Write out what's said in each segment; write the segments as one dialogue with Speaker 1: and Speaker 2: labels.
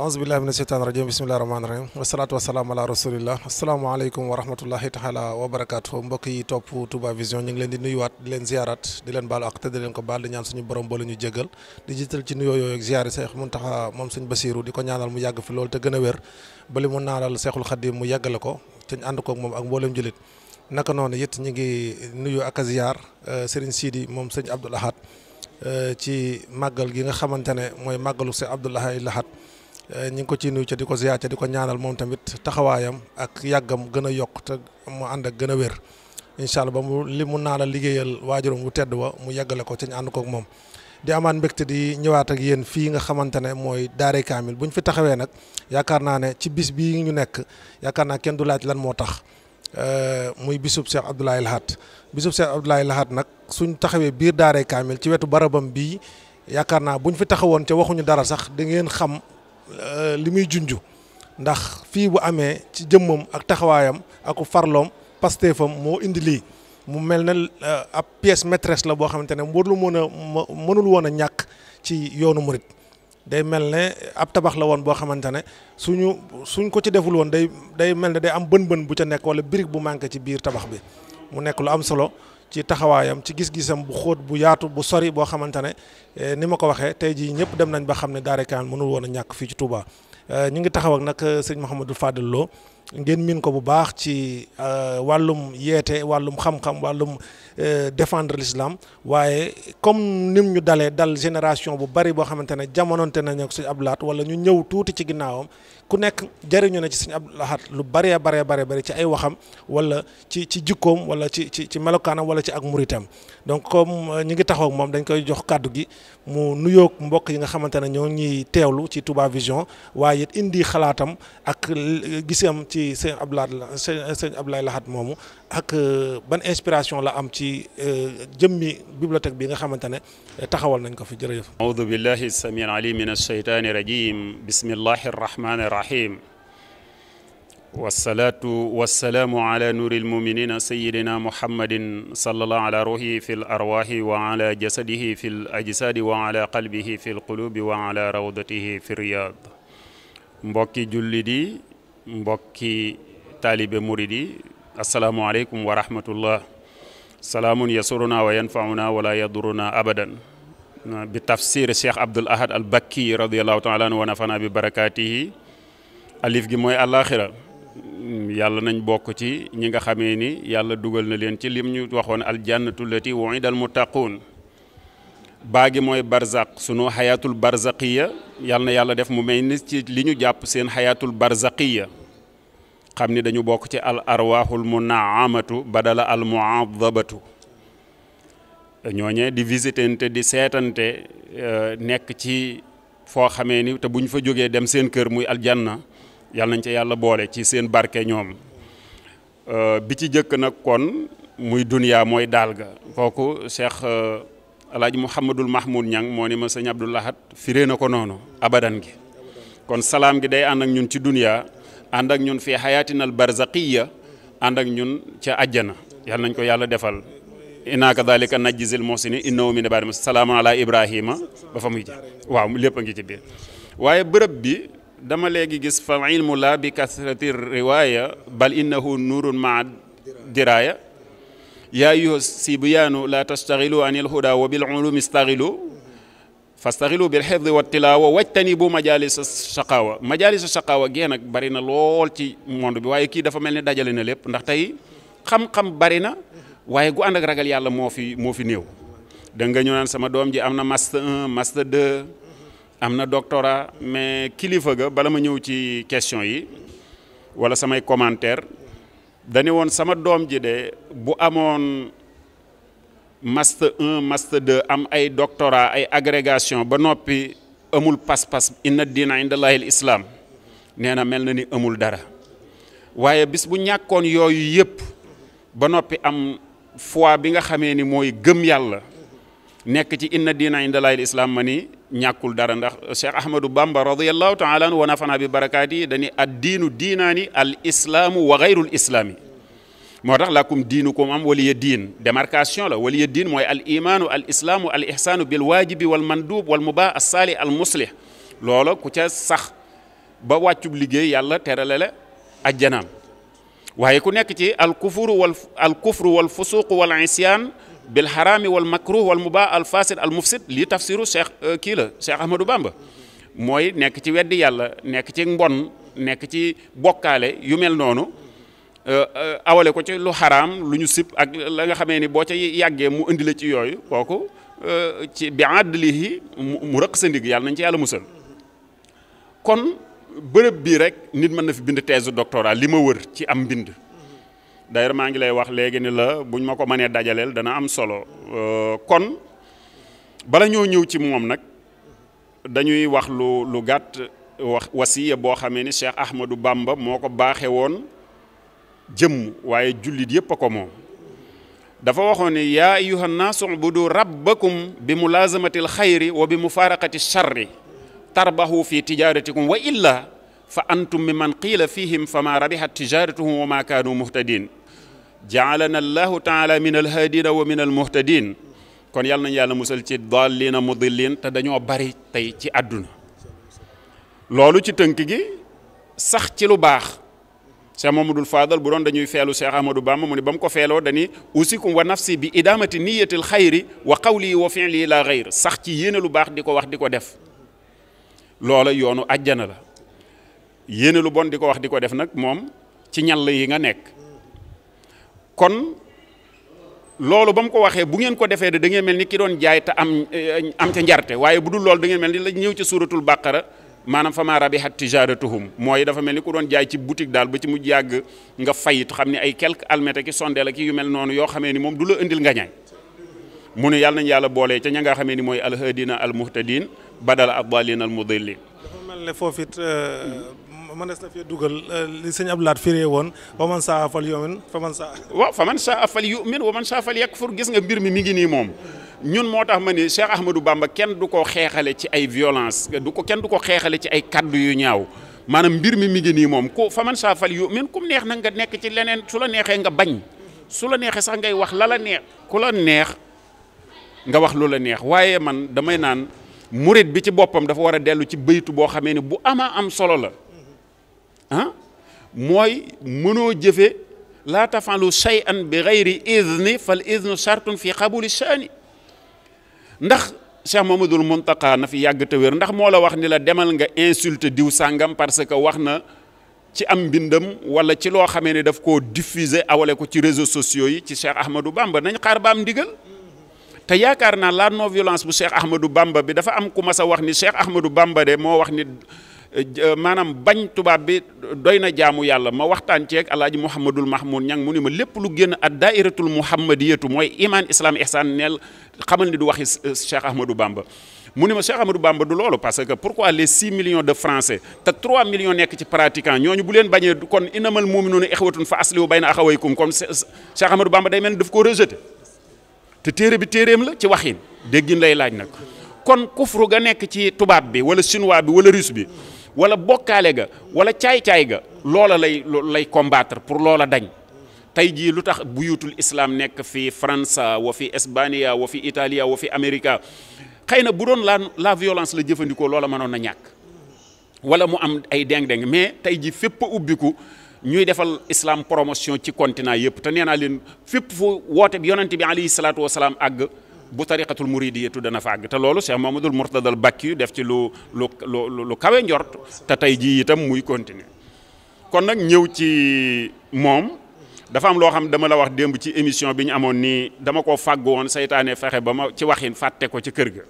Speaker 1: ahousubillahi mina sheytaan rajim bisimillahi rahmaani rahim wasalaatu wasalaam ala rasulillah asalaamaaleykum wa rahmatullahi taala wa barakaatu mbokk yi topp Touba Vision ñu ngi leen di nuyuwaat di leen ziarat di leen baalu ak te di leen ko baal di ñaan suñu borom boole ñu jégal di jiital ci nuyoo yooyu ak ziari Seex Muntaxa moom suñ Basiiru di ko ñaanal mu yàgg fi loolu te gën a wér bali mu naanal Seexul Xadim mu yàggale ko te ñu ànd koog moom ak mboolem julit naka noonu it ñu ngi nuyu ak a ziar euh, Serigne Sidi moom sëñ Abdoul Ahad euh, ci màggal gi nga xamante ne mooy màggalu Seex Abdoul Ahad Eh, ñi ngi ko ciy nuyu ca di ko ziyaar ca di ko ñaanal moom tamit taxawaayam ak gën yokk te mu ànd ak a wér incha allah ba li mu naa liggéeyal waajuram bu tedd wa mu yàggale ko ci ñu ànd moom di amaat mbégte di ñëwaat ak yéen fii nga xamante ne mooy Daaray Kaamil bu ñu fi taxawee nag yaakaar naa ne ci bis bii ñu nekk yaakaar naa kenn du laaj lan moo tax eh, muy bisub Cheikh Abdoulaye Lahat bisub Cheikh Abdoulaye Lahat nag suñ taxawee biir Daaray Kaamil ci wetu barabam bii yaakaar naa bu ñu fi taxawoon ca waxuñu dara sax da xam Euh, li muy junju ndax fii bu amee ci jëmmam ak taxawaayam aku farloom pasteefam moo indi lii mu mel ne euh, ab pièce maîtresse la boo xamante ne warul mën a mënul woon a ñàkk ci yoonu murit day mel ne ab tabax la woon boo xamante ne suñu suñ ko ci deful woon day day mel ne day am bën-bën bu ca nekk wala birig bu manqué ci biir tabax bi mu nekk lu am solo ci taxawaayam ci gis-gisam bu xóot bu yaatu bu sori boo xamante ne eh, ni ma ko waxee tey jii ñëpp dem nañ ba xam ne Daaray Kaamil mënul woon a ñàkk fii ci Touba. Eh, ñu ngi taxaw nag eh, sëñ Mouhamadou Fadel Lo ngeen miin ko bu baax ci wàllum yeete wàllum xam-xam wàllum defendre l'islam waaye comme nim ñu dalee dal génération bu bari boo xamante ne jamonoonte nañ ak suñu ablaat wala ñu ñëw tuuti ci ginnaawam. ku nekk jëriñu na ci sëñ ab laxaat lu baree baree baree bari ci ay waxam wala ci ci jikkoom wala ci ci ci melokaanam wala ci ak muritam donc comme euh, ñi ngi taxaw moom dañ koy jox kàddu gi mu nuyoog mbokk yi nga xamante ne ñoo ñuy teewlu ci Touba Vision waaye it indi xalaatam ak euh, gisam ci sëñ Abdou Lahad sëñ Abdou Lahad moomu ak euh, ban inspiration la am ci euh, jëmmi bibliothèque bi nga xamante ne euh, taxawal nañ ko fi jërëjëf
Speaker 2: aoudu billahi sami alim min alsheytani rajim bismillahi arrahmani arrahim wasalaatu wasalaamu ala nuuri almuminina sayidina muhammadin salallahu ala ruuhi fi l arwaahi wa ala jasadihi fi l ajsaadi wa ala qalbihi fi l qulubi wa ala rawdatihi fi riyaad mbokki jullit yi mbokki taalibe murid yi asalaamualeykum wa rahmatullah salaamun yasuruna wa yanfauna wala yaduruna abadan bi tafsir cheikh abdul ahad al bakki radiallahu taala anhu wa nafana bi barakaatihi alif gi mooy àllaaxira yàlla nañ bokk ci ñi nga xamee ni yàlla dugal na leen ci lim ñu waxoon aljannatu lati wu'ida al muttaquun baa gi mooy barzaq sunu xayaatul barzaqiya yàlla na yàlla def mu may ni ci li ñu jàpp seen xayaatul barzaqiya xam ni dañu bokk ci al arwaxul munaamatu badala al muadabatu ñooñee di visitante di seetante euh, nekk ci foo xamee ni te fa jógee dem seen kër muy aljanna yàlla nañ ca yàlla boole ci seen barke ñoom euh, bi ci jëkk nag kon muy duniyaa mooy daal ga kooku cheikh euh, alaaji mouhamadul mahmoud ñang moo ni ma sëñ abdoulahat firée na ko noonu abadan gi kon salaam gi day ànd ñun ci duniyaa ànd ak ñun fii xayaatinal barzaqiya ànd ak ñun ca ajjana yàlla nañ ko yàlla defal inna kadhalika najzil muhsinin innahu min ibadina salaamun ala ibrahima ba fa muy waaw lépp ci biir waaye bërëb bi dama léegi gis fa ilmu la bi kasrati riwaya bal innahu nuurun maa diraya yaa ayyuha sibyanu la tastaghilu anil huda wa bil ulumi istaghilu fastaxilu bil xifdi wa tilaawa wajtani bu majalisa shaqaawa majalisa shaqaawa gee nag bari na lool ci monde bi waaye kii dafa mel ni dajale na lépp ndax tey xam-xam bari na waaye gu ànd ak ragal yàlla moo fi moo fi néew da nga ñu naan sama doom ji am na master 1 master 2 am na doctorat mais kilifa ga bala ma ñëw ci question yi wala samay commentaire dane woon sama doom ji de bu amoon master 1 master 2 am ay doctorat ay agrégation ba noppi amul pas-pas inna diina indallahi al islam nee na mel na ni amul dara waaye bis bu ñàkkoon yooyu yëpp ba noppi am foi bi nga xamee ni mooy gëm yàlla nekk ci inna diina indallahi al islam ma ni ñàkkul dara ndax Cheikh Ahmadou Bamba radiyallahu taala anhu wa nafana bi barakaati yi dañuy diinu diinaani al islaamu wa gayrul islaami moo tax lakum diinukum am waliya diin démarcation la waliya diin mooy al imaanu al islaamu al ihsaanu bil waajibi wal mandub wal mubaa as saali al muslih ku ca sax ba wàccub liggéey yàlla terale la ajjanaam waaye ku nekk ci al kufuru wal al kufru wal fusuq wal isyaan bil xaraami wal makruh wal mubaa al fasid al mufsid tafsiru cheikh euh, kii la cheikh Ahmadou Bamba mooy nekk ci weddi yàlla nekk ci mbon nekk ci bokkaale yu mel noonu. Euh, euh, awale ko ci lu xaraam lu ñu sib ak la nga xamee ni boo ca yàggee mu indi la ci yooyu kooku euh, ci bi àddalihi mu rëq sa ndig yàlla nañ ci yàlla musal kon bërëb bii rek nit mën na fi bind thèse doctorat li ma wër ci am mbind d'ailleurs maa ngi lay wax léegi ni la buñ ma ko mënee dajaleel dana am solo kon bala ñoo ñëw ci moom nag dañuy wax lu lu gàtt wax wasiya boo xamee ni Cheikh Ahmadou Bamba moo ko baaxe woon jëmm waaye jullit yëpp a ko moom dafa waxoon ne yaa ayuha naasu ubudu rabbakum bi mulaazamati alxayri wa bi mufaaraqati charri tarbahu fi tijaratikum wa illa fa antum mi man qiila fihim fa ma rabihat tijaratuhum wa ma kaanu muhtadin jaalana allahu taala min alhaadina wa min almuhtadin kon yàlla nañu yàlla musal ci dallina mudillin te dañoo bari tey ci àdduna loolu ci tënk gi ci lu baax cheikh mamadul faadal bu doon dañuy feelu cheikh ahmadou bamba mu ne ba mu ko feeloo dani usikum wa nafsi bi idamati niyatil xayri wa qawli wa fi'li la xayr sax ci yéene lu baax di ko wax di ko def loola yoonu ajjana la yéene lu bon di ko wax di ko def nag moom ci ñal yi nga nekk kon loolu ba mu ko waxee bu ngeen ko defee da dangeen mel ni ki doon jaay te am eh, am ca njarte waaye bu dul lool da ngeen mel ni la ñëw ci suuratul bàqara maanaam fa maa rabihat tijaratuhum mooy dafa mel ni ku doon jaay ci boutique daal ba ci mujj yàgg nga fayit xam ne ay quelques almete ki sondeel ak yu mel noonu yoo xamee ni moom du la indil nga ñaay mu ne yàlla nañ yàlla boole ca ña nga xamee ni mooy alhadina almuhtadin badal adalin almudillin
Speaker 1: dafa mel ne foofu it euh, mënees na fee dugal euh, li sëñ Abdou woon man saa fal yu'min fa man saa
Speaker 2: fa man saa fal yu'min wa man saa fal yakfur gis nga mbir mi mi nii moom ñun moo tax ma ni Cheikh Ahmadou Bamba kenn du ko xeexale ci ay violence du ko kenn du ko xeexale ci ay kaddu yu ñaaw maanaam mbir mi mi nii moom ku fa man saa fal yu'min neex na nga nekk ci leneen su la neexee nga bañ su la neexee sax ngay wax la la neex ku la neex nga wax lu la neex waaye man damay naan murit bi ci boppam dafa war a dellu ci baytu boo xamee ni bu amaa am solo la ah mooy mënoo jëfe laa tafalu shay'an bi gayri idni fal idnu shartun fi qabuli shani ndax Cheikh Mamadul Muntaqa na fi yàgg te ndax moo la wax ni la demal nga insulte diw sàngam parce que wax na ci am mbindam wala ci loo xamee ne daf koo diffuser awale ko ci réseau sociaux yi ci Cheikh Ahmadou Bamba nañ xaar ba am ndigal te yaakaar naa la non violence bu Cheikh Ahmadou Bamba bi dafa am ku mas a wax ni Cheikh Ahmadou Bamba de moo wax ni Euh, maanaam bañ tubaab bi doy na jaamu yàlla ma waxtaan ceeg alaaji mouhamadul mahmoud ñang mu ni ma lépp lu génn ak daairatul mouhamadiyatu mooy iman islam ihsan neel xamal ni du waxi euh, cheikh ahmadou bamba mu ni ma Cheikh Amadou Bamba du loolu parce que pourquoi les six millions de français te trois millions nekk ci pratiquant ñooñu bu leen bañee kon inamal muminuuna ixwatun fa aslihu bayna axawaykum kon Cheikh Amadou Bamba day mel ni daf koo rejeté te téere bi téereem la ci waxin déggin lay laaj nag kon ga nekk ci tubaab bi wala chinois bi wala russe bi wala bokkaale ga wala caay-caay ga loola lay lay combattre pour loola dañ tey jii lu tax buyutul islaam nekk fi France wa fi Espagne wa fi Italie wa fi Amérique xëy na bu doon la la violence la jëfandikoo loola mënoon a ñàkk wala mu am ay deng-deng mais tey jii fépp ubbiku ñuy defal islam promotion ci continent yëpp te nee naa leen fépp fu woote bi yonent bi alayhi salaatu wasalaam àgg bu tariqatul muridiyatu dana fa àgg te loolu du Mamadul Murtadal Bakki def ci lu lu lu lu kawe njort te tey jii itam muy continuer kon nag ñëw ci moom dafa am loo xam dama la wax démb ci émission bi ñu amoon nii dama ko fàgg woon saytaane fexe ba ma ci waxin fàtte ko ci kër ga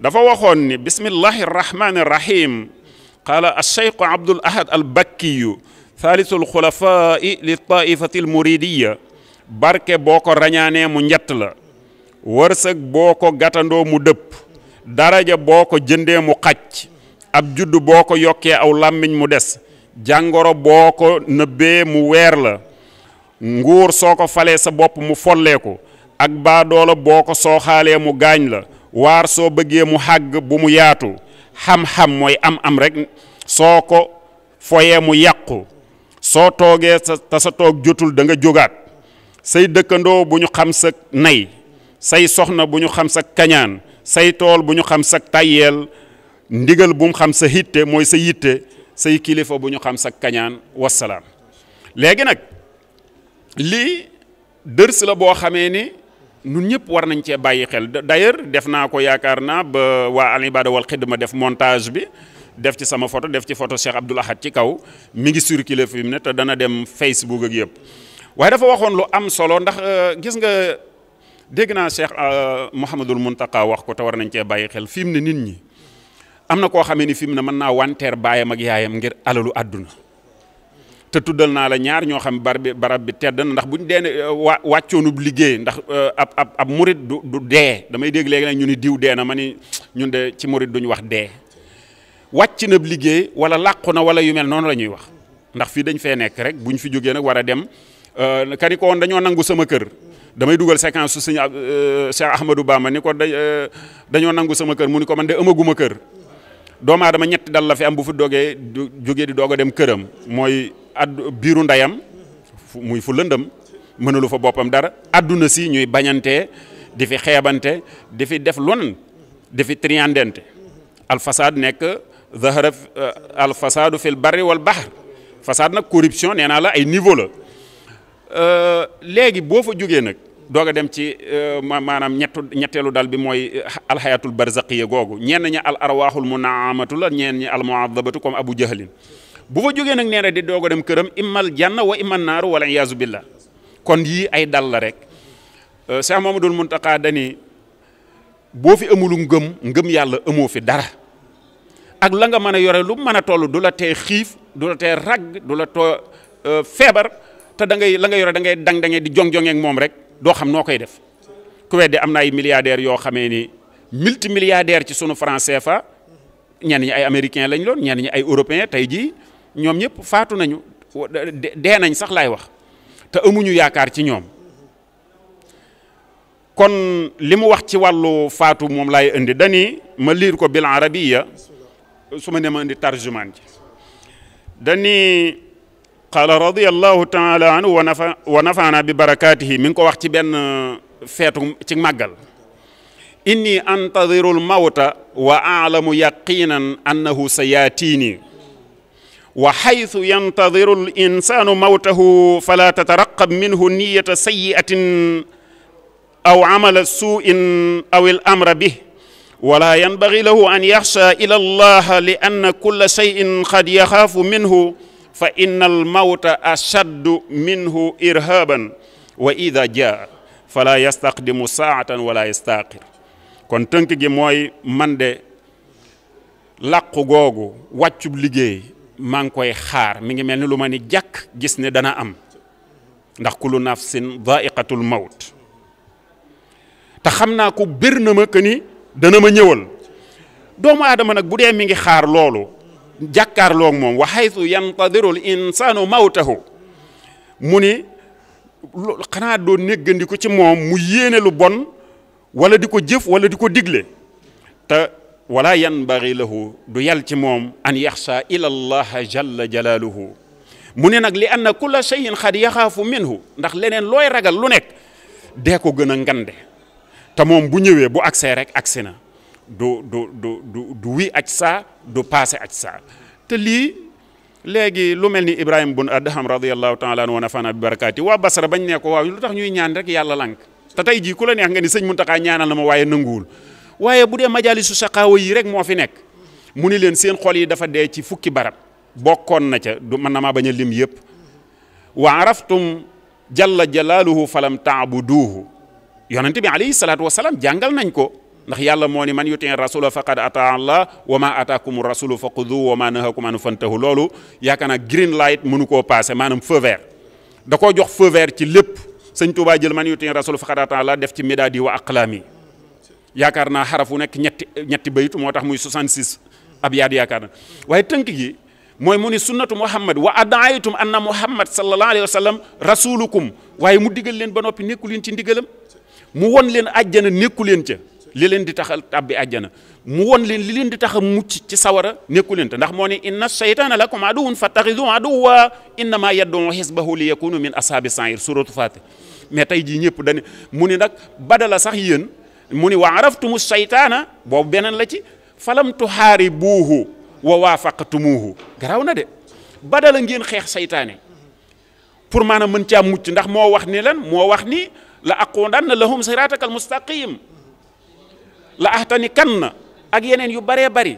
Speaker 2: dafa waxoon ni bismillahi rahmani rahim qaala alcheikhu abdul ahad al bakkiyu thalithu alxulafai li taifati almuridiya barke boo ko rañaanee mu njett la wërsëg boo ko gàttandoo mu dëpp daraja boo ko jëndee mu xaj ab judd boo ko yokkee aw làmmiñ mu des jàngoro boo ko nëbbee mu weer la nguur soo ko falee sa bopp mu folleeku ak baadoola boo ko sooxaalee mu gaañ la waar soo bëggee mu xàgg bu mu yaatu xam-xam mooy am-am rekk soo ko foyee mu yàqu soo toogee sa sa toog jotul danga jógaat say dëkkandoo bu ñu xam sa nay say soxna bu ñu xam sa kañaan say tool bu ñu xam sa tayyeel ndigal bu mu xam sa hitte mooy sa yitte say kilifa bu ñu xam sa kañaan wasalaam léegi nag lii dërs la boo xamee ni ñun ñëpp war nañ cee bàyyi xel d'ailleurs def naa ko yaakaar naa ba waa Al Hibadatou Wal Xidma def montage bi def ci sama photo def ci photo Cheikh Abdoul Ahad ci kaw mi ngi circulé fi mu ne te dana dem Facebook ak yëpp waaye dafa waxoon lu am solo ndax euh, gis nga dégg naa Cheikh euh, Mouhamadul Muntaka wax ko te war nañ cee bàyyi xel fi mu ne nit ñi am na koo xamee ni fi mu ne mën naa wanteer baayam ak yaayam ngir alalu àdduna te tuddal naa la ñaar ñoo xam bar barab bi tedd na ndax bu ñu dee ne euh, wàccoonub liggéey ndax euh, ab ab ab murit du du dee damay dégg léegi nag ñu ni diw dee na ma ni ñun de ci murit duñ wax dee wàcc na liggéey wala làqu na wala yu mel noonu la ñuy wax ndax fii dañ fee nekk rek buñ fi jógee nag war a dem kani dañoo nangu sama kër damay dugal séquence su sëñ euh, Cheikh Ahmadou Bamba ni ko da euh, dañoo nangu sama kër mu ni ko man de amaguma kër doomu aadama ñetti dal la fi am bu fi dogee du jógee di doog a dem këram mooy ad biiru ndeyam muy fu lëndam mënalu fa boppam dara adduna si ñuy bañante di fi xeebante di fi def lon di fi triandente alfasad nekk zahara euh, alfasadu fil barri wal bahr fasad na corruption nee naa la ay niveau la Euh, léegi boo fa jógee nag doog a dem ci euh, maanaam ñettu ñetteelu dal bi mooy alxayatul barzaqiya googu ñenn ñi al arwaaxul munaamatu la ñenn ñi al muadabatu comme abu jahlin bu fa jógee nag nee di doog dem këram immal janna wa immal naaru wala iyaazu billah kon yii ay dal la rek euh, Cheikh Mamadul Muntaqa dani boo fi amulu ngëm ngëm yàlla amoo fi dara ak la nga mën a yore lu mën a toll du la tee xiif du la tee ragg du la to feebar te da ngay la nga yore da ngay dang da ngay di jong-jongee ak moom rek doo xam noo koy def ku weddi am na ay milliardaires yoo xamee ni multimilliardaire ci sunu franc fa ñenn ñi ay américain lañ loon ñenn ñi ay européen tey jii ñoom ñëpp faatu nañu dee nañ sax laay wax te amuñu yaakaar ci ñoom kon li mu wax ci wàllu faatu moom laay indi dani ma liir ko bil arabiya su ma ne ma indi tarjumaan ji dani qaala radiallahu taala anhu wa nafa wa nafaana bi barakaatihi mi ngi ko wax ci benn uh, feetu ci màggal inni antadiru l mawta wa aalamu yaqinan annahu sa yaatiini wa xaytu yantadiru l insaanu mawtahu fala tataraqab minhu niyata sayi'atin aw amala suu'in aw il amra bih wala yanbagi lahu an yaxsha ila allah li anna kulla cheyin qad yaxaafu minhu fa inna al mawta ashaddu minhu irhaban wa ida jaa fala yastaqdimu saatan wala yastaqir kon tënk gi mooy man de làqu googu wàccub liggéey maa ngi koy xaar mi ngi mel ni lu ma ni jàkk gis ni dana am ndax kullu nafsin dha'iqatul mawt te xam naa ko bir na ma que dana ma ñëwal doomu aadama nag bu dee mi ngi xaar loolu jàkkaarloog moom wa haythu yantadirul insaanu mawtahu mu ni xanaa doo néggandiku ci moom mu yéene lu bon wala di ko jëf wala di ko digle te wala yanbaghi lahu du yal ci moom an yaxsa ila allah jalla jalaaluhu mu ne nag li anna kulla shay'in xad yaxaafu minhu ndax leneen looy ragal lu nekk dee ko gën a ngande te moom bu ñëwee bu agsee rek agsi na du du du du du wi aj du paase aj saa te lii léegi lu mel ni Ibrahima bun Adham radiyallahu taala anhu wa nafana bi barakaati waa Basra bañ nee ko waaw lu tax ñuy ñaan rek yàlla lànk te tey jii ku la neex nga ni sëñ takka ñaanal na ma waaye nanguwul waaye bu dee majalisu saqaawa yii rek moo fi nekk mu ni leen seen xol yi dafa dee ci fukki barab bokkoon na ca du mën na maa bañ a lim yëpp wa araftum jalla jalaaluhu falam taabuduuhu yonente bi alayhi salaatu wasalaam jàngal nañ ko ndax yàlla moo ni man yutin rasula faqad ata allah wa ma ataakum rasulu fa xudu wa ma nahakum anu fantahu loolu yaakaar naa green light mënu koo passé maanaam feu vert koo jox feu vert lépp sëñ Tuubaa jël man yutin rasula faqad ata allah def ci midaadi wa aqlaami yaakaar naa xarafu nekk ñetti ñetti baytu moo tax muy 66 ab yaat yaakaar na waaye tënk gi mooy mu ni sunnatu muhammad wa adaaytum anna muhammad sallallahu alayhi wa sallam rasulukum waaye mu digal leen ba noppi nekku leen ci ndigalam mu won leen àjjana nekku leen ca li leen di tax a tàbbi àjjana mu won leen li leen di tax a mucc ci sawara nekku leen te ndax moo ne inna seytaana lakum aduwwun fattaxiduhu aduwwa innama yad'u hizbahu li yakunu min ashaabi sa'ir suratu fatih mais tey jii ñëpp dañu mu ni nag badala sax yéen mu ni wa araftumu seytaana boobu beneen la ci falam tuhaaribuuhu wa waafaqtumuuhu garaaw na de badala ngeen xeex seytaane pour maanaam mën caa mucc ndax moo wax ni lan moo wax ni la aqudanna lahum siratakal mustaqim la axtani kan na ak yeneen yu baree bari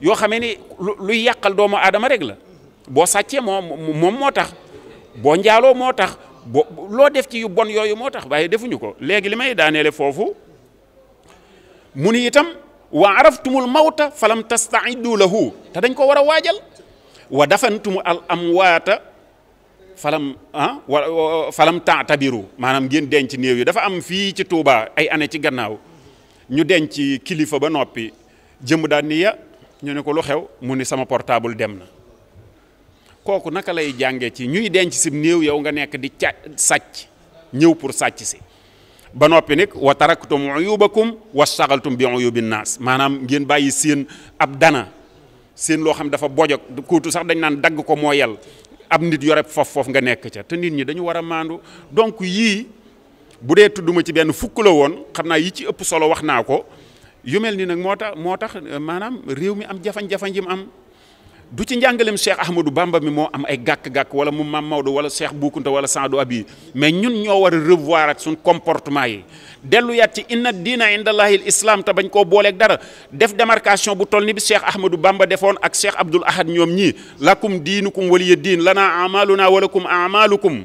Speaker 2: yoo xamee ni luy yàqal doomu aadama rek la boo sàccee moo moom moo tax boo njaaloo moo tax boo loo def ci yu bon yooyu moo tax waaye defuñu ko léegi li may daaneele foofu mu ni itam wa araftumul mawta falam tastaidu lahu te dañ ko war a waajal wa dafantumu am waata falam ah falam taatabiru maanaam ngeen denc néew yi dafa am fii ci Touba ay année ci gannaaw ñu denc kilifa ba noppi jëm daan ni ya ñu ne ko lu xew mu ni sama portable dem na kooku naka lay jàngee ci ñuy denc si néew yow nga nekk di ca sàcc ñëw pour sàcc si ba noppi nag wa taraktum uyubakum wastaxaltum bi uyubin naas maanaam ngeen bàyyi seen ab dana seen loo xam dafa bojog kuutu sax dañ naan dagg ko moo yel ab nit yore fof foofu nga nekk ca te nit ñi dañu war a maandu donc yii bu dee tudduma ci benn fukk la woon xam naa yi ci ëpp solo wax naa ko yu nii nag moo tax moo tax euh, maanaam réew mi am jafañ-jafañ yi mu am du ci njàngaleem Cheikh Ahmadou Bamba mi moo am ay gàkk-gàkk wala mu Mam Maodo wala Cheikh Boukounta wala Saadu Abi mais ñun ñoo war revoir at suñ comportement yi delluyaat ci inna diina indallahi islam te bañ koo booleeg dara def demarcation bu toll ni bi Cheikh Ahmadou Bamba defoon ak Cheikh Abdoul Ahad ñoom ñii lakum diinukum waliya diin lana amaluna walakum amalukum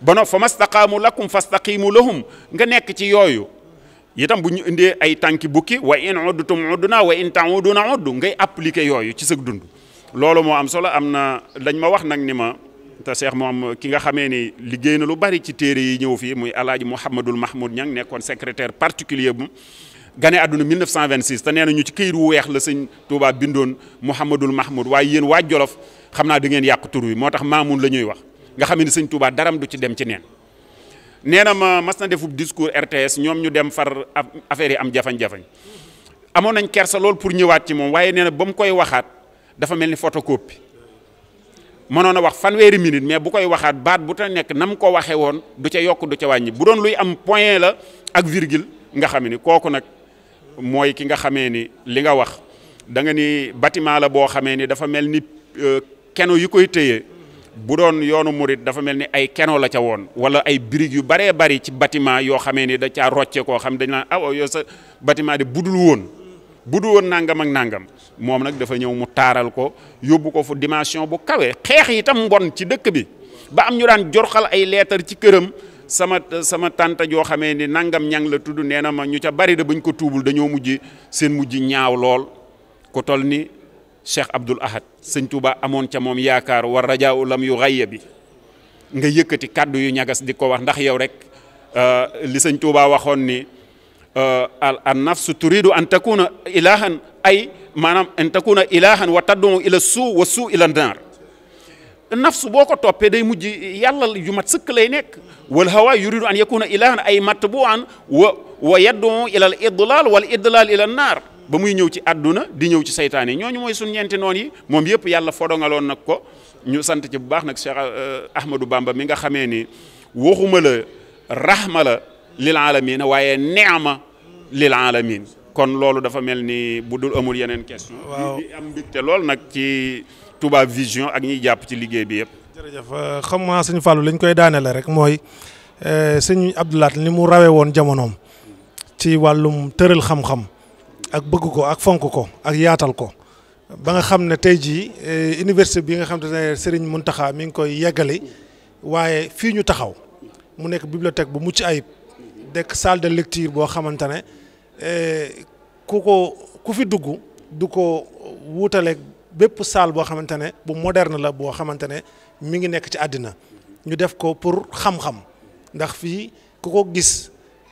Speaker 2: ba no fa mastaqaamu lakum fastaqiimu lahum nga nekk ci yooyu itam bu ñu indee ay tànki bukki wa in udtum udduna wa in ta'udu na uddu ngay appliquer yooyu ci sëg dund loolu moo am solo am na dañ ma wax nag ni ma te seex moom ki nga xamee ni liggéey na lu bari ci téere yi ñëw fii muy alaaji Mouhamadul Mahmoud Niang nekkoon secrétaire particulier bu gane àdduna 1926 te nee na ñu ci këyit wu weex la sëñ Touba bindoon Mouhamadul Mahmoud waaye yéen waa Jolof xam naa da ngeen yàq tur wi moo tax Maamun la ñuy wax nga xam ne sëñ Touba daram du ci dem ci neen nee na ma mas na defub discours RTS ñoom ñu dem far affaire yi am jafañ-jafañ amoon nañ kersa lool pour ñëwaat ci moom waaye nee na ba mu koy waxaat dafa mel ni photocopie mënoon a wax fanweeri minute mais bu koy waxaat baat bu ta nekk nam ko waxee woon du ca yokk du ca wàññi bu doon luy am point la ak virgule nga xam ni kooku nag mooy ki nga xamee ni li nga wax da nga ni bâtiment la boo xamee ni dafa mel ni euh, keno yi koy tëyee bu doon yoonu murit dafa mel ni ay keno la ca woon wala ay birig yu baree bari ci bâtiment yoo xamee ni da caa rocce koo xam dañ naan ah, aw yow sa bâtiment de budul woon budul woon nangam ak nangam moom nag dafa ñëw mu taaral ko yóbbu ko fu dimension bu kawe xeex yi tam mbon ci dëkk bi ba am ñu daan jorxal ay leetar ci këram sama sama tante joo xamee ni nangam ñang la tudd nee na ma ñu ca bari da buñ ko tuubul dañoo mujj seen mujj ñaaw lool ku toll ni cheikh Abdul Ahad sëñ Touba amoon ca moom yaakaar war rajaaw lam yu bi nga yëkkati kàddu yu ñagas di ko wax ndax yow rek euh, li sëñ Touba waxoon ni euh, an nafsu turidu an takuna ilahan ay maanaam an takuna ilahan wa taddu ila suu wa suu ila naar nafsu boo ko toppee day mujj yàlla yu mat sëkk lay nekk wal hawa yuridu an yakuna ilahan ay matbuan wa wa yaddu ila al wal idlal ila naar ba muy ñëw ci àdduna di ñëw ci saytaane ñooñu mooy suñ ñeenti noon yi moom yëpp yàlla fodongaloon nag ko ñu sant ci bu baax nag Cheikh euh, Ahmadou Bamba mi nga xamee ni waxuma la rahma la lil alamin waaye neema lil alamin kon loolu dafa mel ni bu dul amul yeneen question di am mbégte lool nag ci Touba Vision ak ñiy jàpp ci liggéey bi yëpp
Speaker 1: jërëjëf euh, xam naa sëñ Fallou li koy daanele rek mooy euh, sëñ Abdou Lahat ni mu rawee woon jamonoom ci wàllum tëral xam-xam ak bëgg ko ak fonk ko ak yaatal ko ba nga xam ne tey jii eh, université bi nga xam te ne Serigne Mountakha mi ngi koy yeggali waaye fii ñu taxaw mu nekk bibliothèque bu mucc ayib dekk salle de lecture boo xamante ne eh, ku ko ku fi dugg du ko wuutaleeg bépp salle boo xamante ne bu moderne la boo xamante ne mi ngi nekk ci àddina ñu def ko pour xam-xam ndax fii ku ko gis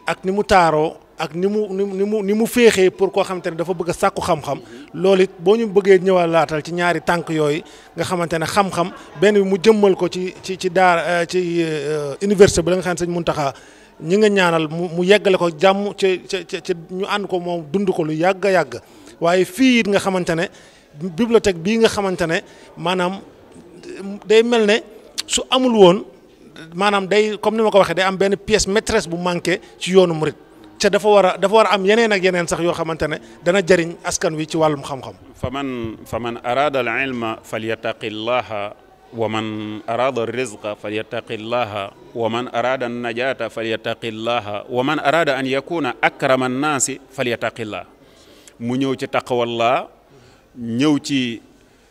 Speaker 1: ak ni mu taaroo. ak ni mu ni mu ni mu féexee pour koo xamante ne dafa bëgg sàkku xam-xam loolu it boo ñu bëggee ñëwal laatal ci ñaari tànk yooyu nga xamante ne xam-xam benn bi mu jëmmal ko ci ci ci daara euh, ci euh, université bu la nga xam ne sëñ Muntaxa ñi nga ñaanal mu mu yeggale ko jàmm ci ci ci ñu ànd ko moom dund ko lu yàgg a yàgg waaye fii it nga xamante ne bibliothèque bii nga xamante ne maanaam day mel ne su amul woon maanaam day comme ni ma ko waxee day am benn pièce maîtresse bu manqué ci yoonu murit ca dafa war dafa war am yeneen ak yeneen sax yoo xamante ne dana jariñ askan wi ci wàllum xam-xam
Speaker 2: fa man fa man araada al ilma falyattaqi llaha wa man araada arrizqa falyattaqi llaha wa man araada annajata falyattaqi llaha wa man araada an yakuna akrama falyattaqi llaha mu ñëw ci taqwallaa ñëw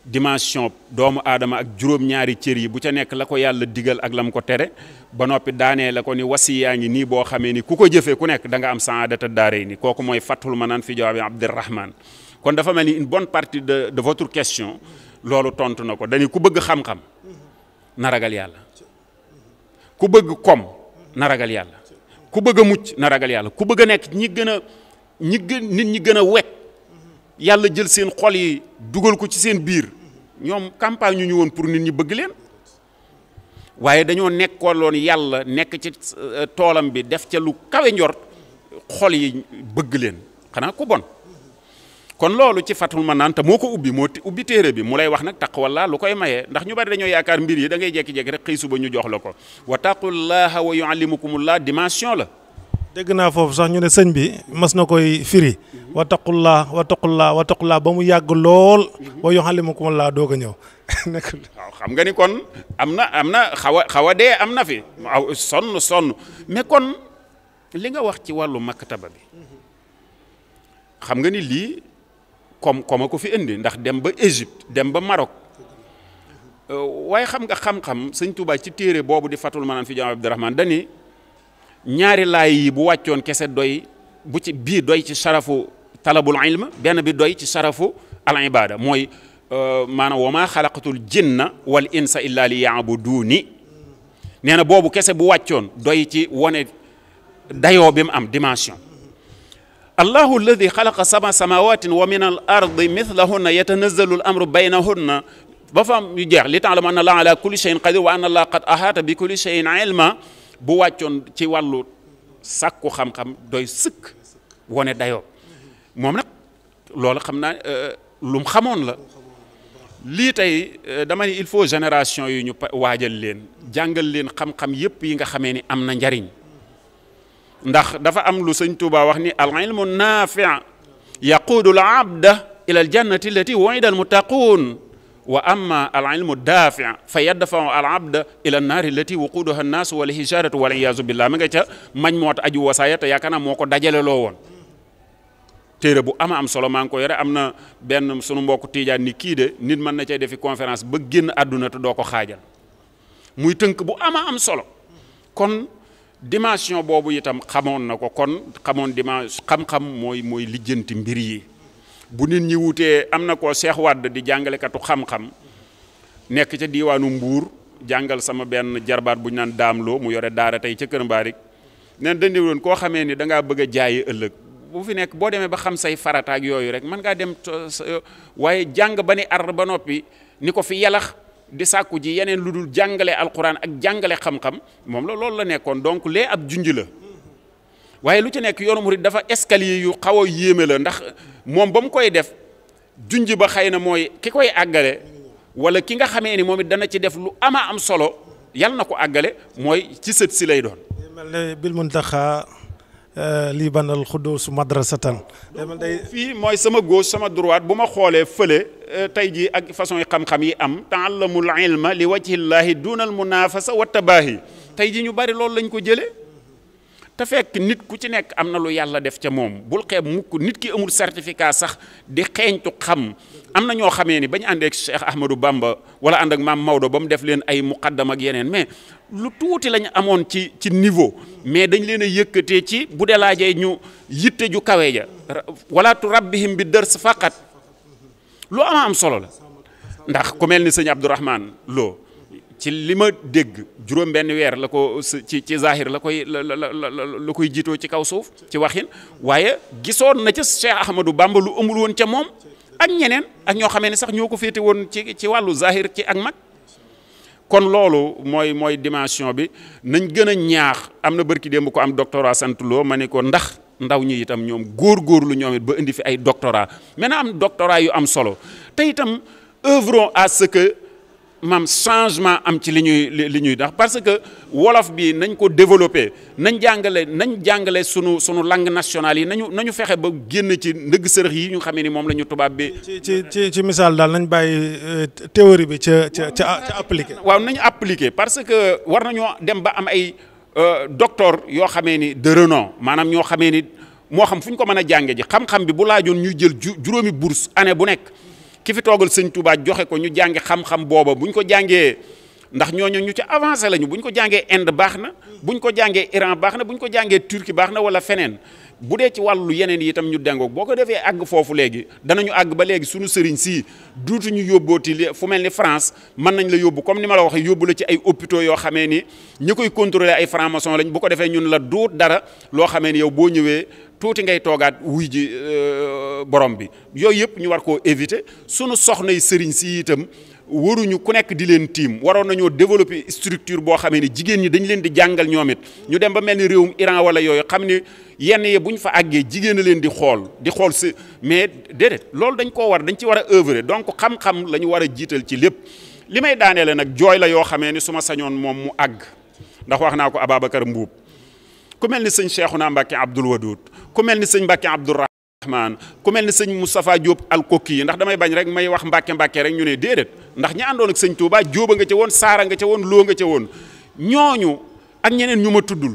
Speaker 2: dimension doomu aadama ak juróom-ñaari cër yi bu ca nekk la ko yàlla digal ak lam ko tere ba noppi daanee la ko ni wasi yaa ngi nii boo xamee ni ku ko jëfee ku nekk danga am san saadata daarey ni kooku mooy fatul manaan fi jawaabi Abdirahman kon dafa mel ni une bonne de de votre question loolu tontu na ko dañu ku bëgg xam-xam na ragal yàlla ku bëgg kom na ragal yàlla ku bëgg a mucc na ragal yàlla ku bëgg nekk ñi gën a ñi gën nit ñi gën a wet yàlla jël seen xol yi dugal ko ci seen biir ñoom campagne ñu ñu woon pour nit ñi bëgg leen waaye dañoo loon yàlla nekk ci euh, toolam bi def ca lu kawe njort xol yi bëgg leen xanaa ku bon kon loolu ci fatul ma naan te moo ko ubbi moo ubbi téere bi mu lay wax nag taqwallaa lu koy maye ndax ñu bari dañoo yaakaar mbir yi da ngay jekki-jekki rek xëy suba ñu jox la ko wa taqullaha wa yuallimukumullah dimension la
Speaker 1: dégg naa foofu sax ñu ne sëñ bi mas na koy firi wa la wa taqullah wa ba mu yàgg lool wa yuallimukumullah doog a ñëw waaw
Speaker 2: xam nga ni kon am na am na xaw a xaw a dee am na fi aw sonn sonn mais li nga wax ci wàllu maktaba bi xam nga ni lii koom koom ko fi indi ndax dem ba Égypte dem ba Maroc euh, waaye xam nga xam-xam sëñ Touba ci téere boobu di fatul maanaam fi jaam Abdurahmaan dani ñaari laay bu wàccoon kese doy bu ci bii doy ci sarafu talabul ilm benn bi doy ci sarafu al ibada mooy euh, maanaam wa ma xalaqatul jinna wal insa illa li yaabuduuni nee na boobu kese bu wàccoon doy ci wane dayoo bi mu am dimension allahu alladi xalaqa saba samawatin wa min al ardi mithlahunna yatanazalu al amru baynahunna ba fa am jeex li tax la ma anna laa ala kulli cheyin qadir wa anna laa qad ahaata bi kulli cheyin ilma bu wàccoon ci wàllu sàkku xam-xam doy sëkk wone dayoo moom nag loolu xam naa euh, lum xamoon la lii tey euh, dama ni il faut génération yi ñu waajal leen jàngal leen xam-xam yépp yi nga xamee ni am na njariñ ndax dafa am lu sëñ Tuubaa wax ni al ilmu naafi yaquudu al abda ila al jannati allati wuida al muttaquun wa amma al ilmu daafi fa yadfau al abda ila naari lati waquduha annaasu wal hijaratu wal iyaazu billah mi nga ca mañ moo ta aju wasaaya te yaakaar moo ko dajale loo woon téere bu ama am solo maa ngi ko yore am na benn sunu mbokk tiijaan ni kii de nit mën na cay defi conférence ba génn àdduna te doo ko xaajal muy tënk bu ama am solo kon dimension boobu itam xamoon na ko kon xamoon dimension xam-xam mooy mooy lijjanti mbir yi bu nit ñi wutee am na koo Cheikh Wade di jàngalekatu xam-xam nekk ca diwaanu Mbuur jàngal sama benn jarbaat bu ñu naan loo mu yore daara tey ca Kër Mbaarik nen dañu woon koo xamee ni da ngaa bëgg a jaayi ëllëg bu fi nekk boo demee ba xam say farataak yooyu rek mën ngaa dem waaye jàng ba ni ar ba noppi ni ko fi yalax di sàkku ji yeneen lu dul jàngale alquran ak jàngale xam-xam moom la loolu la nekkoon donc lee ab junj la waaye lu ci nekk yoonu murid dafa escalier yu xaw a yéeme la ndax moom ba mu koy def junj ba xëy na mooy ki koy àggale wala ki nga xamee ni moom it dana ci def lu amaa am solo yal na ko àggale mooy ci sët si lay doon.
Speaker 1: mel ne bil muntaxa euh, lii banal xudduusu madrasatan
Speaker 2: fii mooy sama gauche sama droite bu ma xoolee fële euh, tey jii ak façon yi xam-xam yi am taallamul ilma li wajhillahi dunal munafasa wa tabaahi tey jii ñu bari loolu lañ ko jëlee. te fekk nit ku ci nekk am na lu yàlla def ca moom bul xeeb mukk nit ki amul certificat sax di xeeñ xeeñtu xam am na ñoo xamee ni bañ ànd ak Cheikh Ahmadou Bamba wala ànd ak maam Maodo ba mu def leen ay muqaddam ak yeneen mais lu tuuti lañ amoon ci ci niveau mais dañ leen a yëkkatee ci bu dee laajee ñu yitte ju kawee ja wala tu rabbihim bi dërs faqat lu ama am solo la ndax ku mel ni sëñ Abdourahman Lo ci li ma dégg juróom benn weer la ko ci ci zahir la koy la la koy jiitoo ci kaw suuf ci waxin waaye gisoon na ca Cheikh Ahmadou Bamba lu ëmbul woon ca moom ak ñeneen ak ñoo xamee ne sax ñoo ko féete woon ci ci wàllu zahir ci ak mag kon loolu mooy mooy dimension bi nañ gën a ñaax am na bërki démb ko am doctorat sant loo ma ne ndax ndaw ñi itam ñoom góor-góorlu ñoom it ba indi fi ay doctorat maintenant am doctorat yu am solo te itam œuvrons à ce maam changement am ci li ñuy li ñuy dax parce que wolof bii nañ ko développé nañ jàngale nañ jàngale sunu sunu langue nationale yi nañu nañu fexe ba génn ci ndëgg sërëx yi ñu xamee ni moom la ñu tubaab bi. ci
Speaker 1: ci ci ci misaal daal nañ bàyyi euh, théorie bi ca ca ca appliqué. waaw nañu
Speaker 2: appliqué parce que war nañoo dem ba am ay euh, docteur yoo xamee ni de maanaam ñoo xamee ni moo xam fu ñu ko mën a jànge ji xam-xam bi bu laajoon ñu jël juróomi bourse année bu nekk. ki fi toogal sëñ Touba joxe ko ñu jàngi xam-xam booba ñu ko jàngee ndax ñoo ñu ci avancé lañu buñ ko jàngee Inde baax na buñ ko jàngee Iran baax na buñ ko jàngee Turquie baax na wala feneen bu dee ci wàllu yeneen yi itam ñu dengoog boo ko defee àgg foofu léegi danañu àgg ba léegi sunu sëriñ sii duutuñu yóbbooti li fu mel ni France mën nañ la yóbbu comme ni ma la waxee yóbbu la ci ay hôpitaux yoo xamee ni ñu koy contrôler ay franc-maçon lañ bu ko defee ñun la duut dara loo xamee ni yow boo ñëwee tuuti ngay toogaat wuy ji euh, borom bi yooyu yëpp ñu war koo éviter sunu soxna yi sëriñ si itam waruñu ku nekk di leen tiim waroon nañoo développer structure boo xamee ni jigéen ñi dañ leen di jàngal ñoomit ñu dem ba mel ni réewum Iran wala yooyu xam ne yenn yi bu fa àggee jigéen a leen di xool di xool si mais déedéet loolu dañ koo war dañ ci war a œuvrer donc xam-xam la ñu war a jiital ci lépp li may daaneele nag jooy la yoo xamee ni su ma sañoon moom mu àgg ndax wax naa ko Ababacar Mbuub ku mel ni sëñ Cheikhouna Mbacke Abdoul Wadoud ku mel ni sëñ Mbacke Abdoul Rahman ku mel ni sëñ Moustapha Diop alkoki yi ndax damay bañ rek may wax Mbacke Mbacke rek ñu ne déedéet ndax ñi àndoon ak sëñ Touba Diop nga ca woon Saara nga ca woon Lo nga ca woon ñooñu ak ñeneen ñu ma tuddul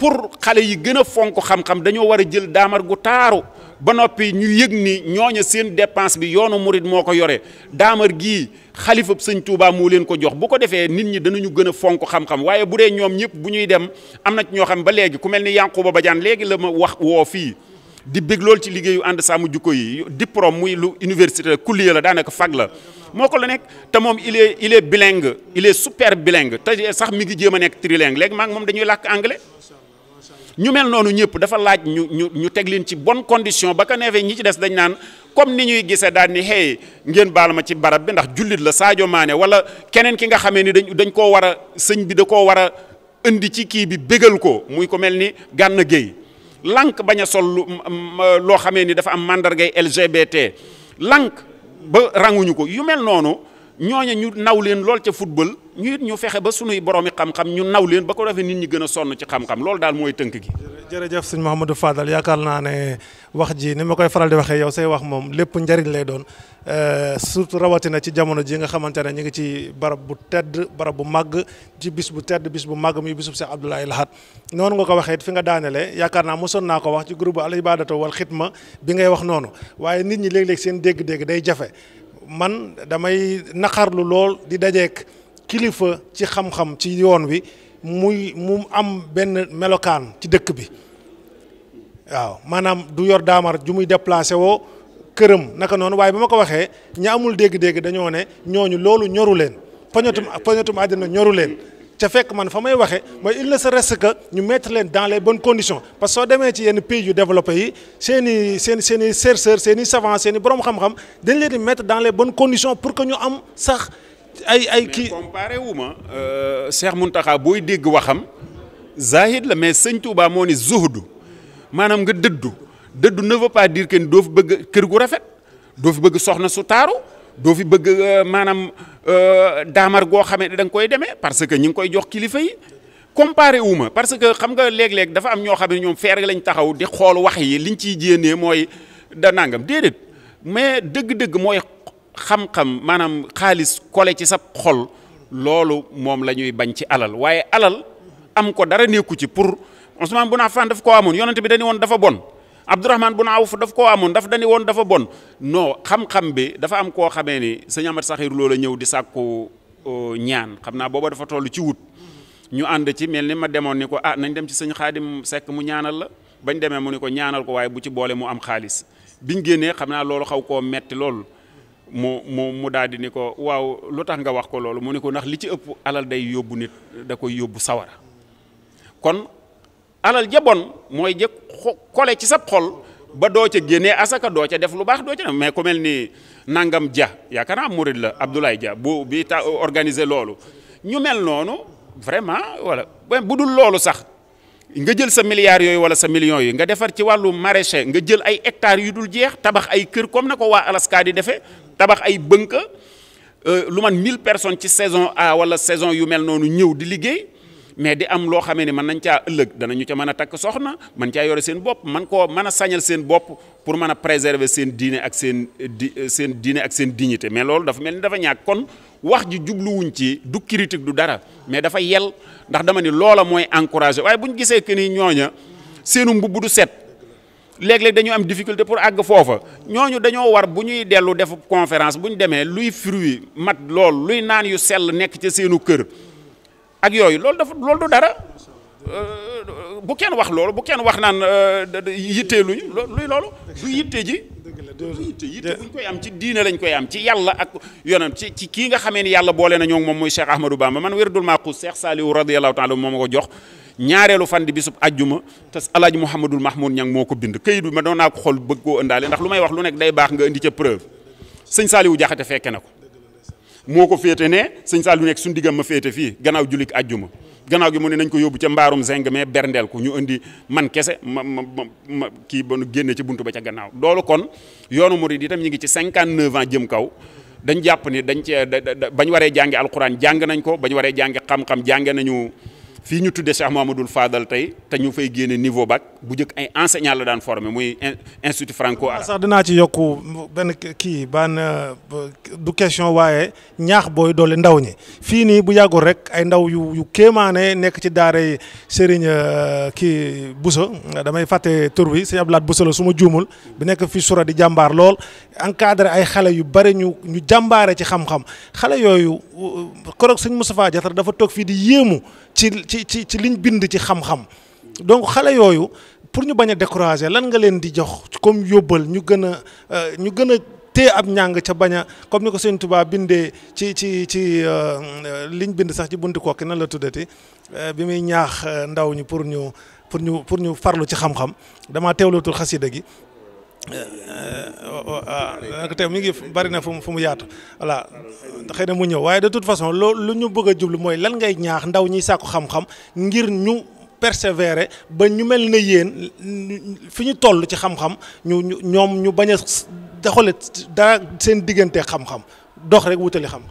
Speaker 2: pour xale yi gën a fonk xam-xam dañoo war a jël daamar gu taaru ba noppi ñu yëg ni ñooña seen dépense bi yoonu murit moo ko yore daamar gii xalifab sëñ Touba moo leen ko jox bu ko defee nit ñi danañu gën a fonk xam-xam waaye bu dee ñoom ñëpp bu ñuy dem am na ñoo xam ba léegi ku mel ni ba Badiane léegi la ma wax woo fii di bég lool ci liggéeyu ànd sàmm jukko yi diplôme muy lu université kulliya la daanaka fag la moo ko la nekk te moom il est il est bilingue il est super bilingue te mi ngi jéem nekk trilingue léegi maa moom dañuy làkk anglais ñu mel noonu ñëpp dafa laaj ñu ñu ñu teg leen ci bon condition ba ko neefee ñi ci des dañ naan comme ni ñuy gisee daal ni hey ngeen baal ma ci barab bi ndax jullit la saajo maane wala keneen ki nga xamee ni dañ dañ koo war a sëñ bi da koo war a indi ci kii bi bégal ko muy ko mel ni Gana Gueye lank bañ a sol loo xamee ni dafa am mandargay LGBT lank ba ranguñu ko yu mel noonu. ñooña ñu naw leen lool ca football ñu it ñu fexe ba sunuy boroomi xam-xam ñu naw leen ba ko defee nit ñi gën a sonn ci xam-xam loolu daal mooy tënk gi.
Speaker 1: jërëjëf sëñ Mouhamadou Fadal yaakaar naa ne wax ji ni ma koy faral di waxee yow say wax moom lépp njariñ lay doon euh, surtout rawatina ci jamono ji nga xamante ne ñu ngi ci barab bu tedd barab bu màgg ci bis bu tedd bis bu màgg muy bisub Cheikh Abdoulaye Lahad noonu nga ko waxee it fi yaakaar naa mosoon naa ko wax ci groupe al ibadatu wal xitma bi ngay wax noonu waaye nit ñi léeg-léeg seen dégg-dégg day jafe man damay naqarlu lool di dajeek kilifa ci xam-xam ci yoon wi muy mu am benn melokaan ci dëkk bi waaw maanaam du yor daamar ju muy déplacé woo këram naka noonu waaye bi ma ko waxee ña amul dégg-dégg dañoo ne ñooñu loolu ñoru leen poñatum poñatum àddina ñoru leen ca fekk man fa may waxe mooy il ne serait-ce que ñu mettre leen dans les bonnes conditions parce que soo demee ci yenn pays yu développé yi seen i seen seen seeni chercheurs seeni boroom savants seen xam-xam dañ leen di mettre dans les bon conditions pour que ñu am sax ay ay kii. comparé wu
Speaker 2: ma euh, Cheikh Mountakha booy dégg waxam zahid la mais sëñ Touba moo ni zuhdu maanaam nga dëddu dëddu ne veut pas dire que doo fi bëgg kër gu rafet doo fi bëgg soxna su taaru. doo fi bëgg euh, maanaam euh, daamar goo xamee da nga koy demee parce que ñi ngi koy jox kilifa yi. comparé wu ma parce que xam nga léeg-léeg dafa am ñoo xam ne ñoom feer lañ taxaw di xool wax yi liñ ciy jéenee mooy da nangam déedéet mais dëgg-dëgg mooy xam-xam maanaam xaalis kole ci sa xol loolu moom la ñuy bañ ci alal waaye alal am ko dara nekku ci pour Ousmane Boun Affan daf ko amoon yonent bi dañu woon dafa bon. Abdourahman bu naaw daf koo amoon daf dani woon dafa bon noo xam-xam bi dafa am koo xamee ni sëñ Amat Saxiir loola ñëw di sàkku euh, ñaan xam naa booba dafa toll ci wut ñu ànd ci mel ni ma demoon ni ko ah nañ dem ci sëñ Xaadim Sekk mu ñaanal la bañ demee mu ni ko ñaanal ko waaye bu ci boole mu am xaalis biñ génnee xam naa loolu xaw koo metti loolu mu mu mu daal di ni ko waaw lu tax nga wax ko loolu mu ni ko ndax li ci ëpp alal day yóbbu nit da koy yóbbu sawara alal ja bon mooy jëkk kole ci sab xol ba doo ca génnee asaka doo ca def lu baax doo ca mais ku mel ni nangam ja yaakaar naa murid la Abdoulaye Dia bu bii ta organiser loolu ñu mel noonu vraiment voilà bu dul loolu sax nga jël sa milliards yooyu wala sa millions yi nga defar ci wàllu maraîcher nga jël ay hectares yu dul jeex tabax ay kër comme na ko waa Alaska di defee tabax ay bënka euh, lu man 1000 personnes ci saison A wala saison yu mel noonu ñëw di liggéey mais di am loo xamee ni mën nañ caa ëllëg danañu ca mën a takk soxna man caa yore seen bopp man koo mën a sañal seen bopp pour mën a préserver seen diine ak seen seen diine ak seen dignité mais loolu dafa mel ni dafa ñàkk kon wax ji jubluwuñ ci du critique du dara mais dafa yel ndax dama ni loola mooy encouragé waaye bu ñu gisee que ni ñooña seenu mbubb du set léeg-léeg dañu am difficulté pour àgg foofa ñooñu dañoo war bu ñuy dellu def conférence bu ñu demee luy fruit mat lool luy naan yu sell nekk ca seenu kër ak yooyu loolu dafa loolu du dara euh, bu kenn wax loolu bu kenn wax naan euh, yitteeluñu luy loolu du yitte ji du yitte yitte buñ koy am ci diine lañ koy am ci yàlla ak yonent ci ci kii nga xamee ni yàlla boole na ñoo moom muy Cheikh Ahmadou Bamba man wérdul maqus Cheikh Saliou radiyallahu taala moom ma ko jox ñaareelu fan di bisub ajjuma te alaaji Mouhamadul Mahmoud ñang moo ko bind këyit bi ma doon naa ko xool bëgg koo ëndaale ndax lu may wax lu nekk day baax nga indi ca preuve sëñ Saliou na ko moo ko féete ne sëñ Saliou nekk suñu diggam ma féete fii gannaaw julik àjjuma gannaaw gi mu ne nañ ko yóbbu ca mbaarum zeng mais berndeel ko ñu indi man kese ma ma ma kii ba nu génne ci buntu ba ca gannaaw doole kon yoonu mu murid itam ñu ngi cinquante 59 ans jëm kaw dañ jàpp ni dañ cee bañ waree jàngi alxuraan jàng nañ ko bañ waree jàngi xam-xam jànge nañu fii ñu tuddee Cheikh Mouhamadoul faadal tey te ñu fay génne niveau bac bu njëkk ay enseignant la daan formé muy institut franco arabe. Ah, sax
Speaker 1: dinaa ci yokk benn kii bann euh, du question waaye ñaax booy doole ndaw ñi fii nii bu yàggul rek ay ndaw yu yu kéemaane nekk ci daara yi Serigne euh, kii Bousso damay fàtte tur bi Serigne Abdou Lahad Bousso juumul bu nekk fii sura di jàmbaar lool encadré ay xale yu bari ñu ñu jàmbaare ci xam-xam xale yooyu euh, korog sëñ Moustapha Diatar dafa toog fii di yéemu. ci ci ci ci liñ bind ci xam-xam donc xale yooyu pour ñu bañ a décourager lan nga leen di jox comme yóbbal ñu gën a euh, ñu gën a tée ab ñàng ca bañ comme ni ko sëñ Tuubaa bindee ci ci ci euh, liñ bind sax ci bunti kokki nan la tuddati euh, bi muy ñaax ndaw ñi pour ñu pour ñu pour ñu farlu ci xam-xam damaa teewlatul xasida gi waaw euh, euh, euh, tey mi ngi bari na fu mu fu mu yaatu voilà xëy na mu ñëw waaye de toute façon loo lu ñu bëgg a jublu mooy lan ngay ñaax ndaw ñi sàkku xam-xam ngir ñu persévérer ba ñu mel ne yéen fi ñu toll ci xam-xam ñu ñoom ñu bañ a daxale dara seen diggante xam-xam dox rek wutali xam-xam.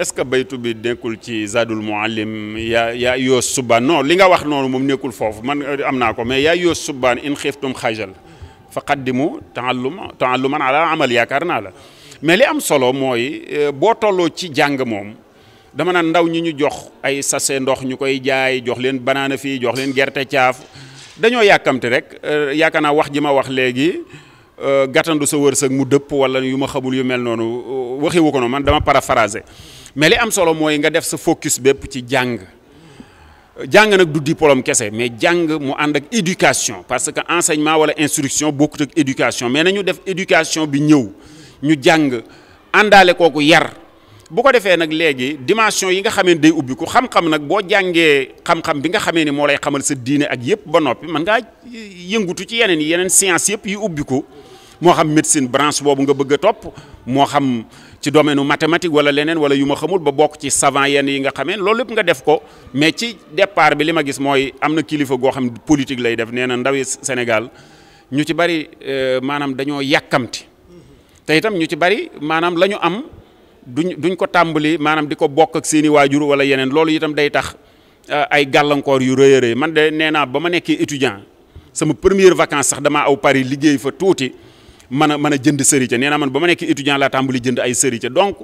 Speaker 2: est-ce que baytu bi nekkul ci zadul muallim yaa yaa yoos subaan non li nga wax noonu moom nekkul foofu man am naa ko mais yaa yoos subaan in xiftum xajal fa qaddimu taallum taalluman ala amal yaakaar naa la mais li am solo mooy euh, boo tolloo ci jàng moom dama naan ndaw ñi ñu jox ay sachet ndox ñu koy jaay jox leen banaana fii jox leen gerte caaf dañoo yàkkamti rek euh, yaakaar naa wax ji ma wax léegi euh, gàttandu sa wërsëg mu dëpp wala yu ma xamul yu mel noonu waxi wu ko noonu man dama paraphraser mais li am solo mooy nga def sa focus bépp ci jàng jàng nag du diplôme kese mais jàng mu ànd ak éducation parce que enseignement wala instruction bokkut ak éducation mais nañu def éducation bi ñëw ñu jàng àndaale kooku yar bu ko defee nag léegi dimension yi nga xamee day ubbi ko xam-xam nag boo jàngee xam-xam bi nga xamee ni moo lay xamal sa diine ak yëpp ba noppi mën nga yëngutu ci yeneen yeneen science yëpp yi ubbi ko moo xam médecine branche boobu nga bëgg a topp moo xam ci domaine u mathématique wala leneen wala yu ma xamul ba bokk ci savant yenn yi nga xamee loolu lépp nga def ko mais ci départ bi li ma gis mooy am na kilifa goo xam politique lay def nee ndawi Sénégal ñu ci bari euh, maanaam dañoo yàkkamti te itam ñu ci bari maanaam la am duñ duñ ko tàmbali maanaam di ko bokk ak seeni waajur wala yeneen loolu itam day tax euh, ay gàllankoor yu rëy man de nee naa ba ma nekkee étudiant sama première vacance sax damaa aw Paris liggéey fa tuuti. mën a mën a jënd sëri ca nee naa man ba ma nekk étudiant laa tàmbali jënd ay sëri ca donc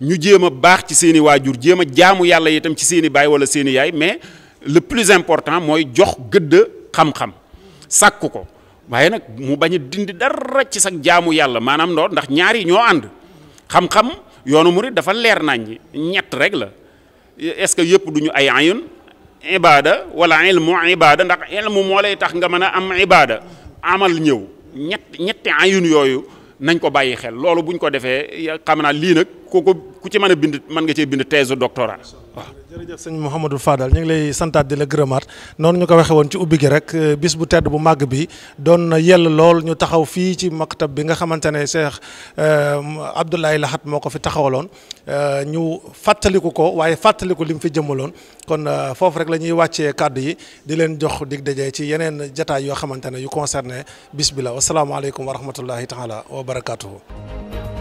Speaker 2: ñu jéem a baax ci seeni waajur jéem a jaamu yàlla itam ci seeni baay wala seeni i yaay mais le plus important mooy jox gëdd xam-xam sàkku ko waaye nag mu bañ a dindi dara ci sax jaamu yàlla maanaam ndoon ndax ñaari ñoo ànd xam-xam yoonu murid dafa leer nañ ñett rek la est-ce que yëpp ñu ay ayun ibaada wala ilmu ibaada ndax ilmu moo lay tax nga mën a am ibaada amal ñëw ñett ñetti ayun yooyu nañ ko bàyyi xel loolu buñ ko defee xam naa lii nag ku ku ci man a bind mën nga cee bind thèse doctorat waaw.
Speaker 1: jërëjëf sëñ Mouhamadou Fadal ñu ngi lay santaat di la gërëmaat noonu ñu ko waxee woon ci ubbi gi rek euh, bis bu tedd bu màgg bi doon na yell lool ñu taxaw fii ci maktab bi nga xamante ne Cheikh euh, Abdoulaye Lahat moo ko fi taxawaloon euh, ñu fàttaliku ko waaye fàttaliku li mu fi jëmmaloon kon foofu rek la ñuy wàccee kàddu yi di leen jox dig daje ci yeneen jataay yoo xamante ne yu concerné bis bi la wasalaamaaleykum wa rahmatullahi taala wa barakaatuhu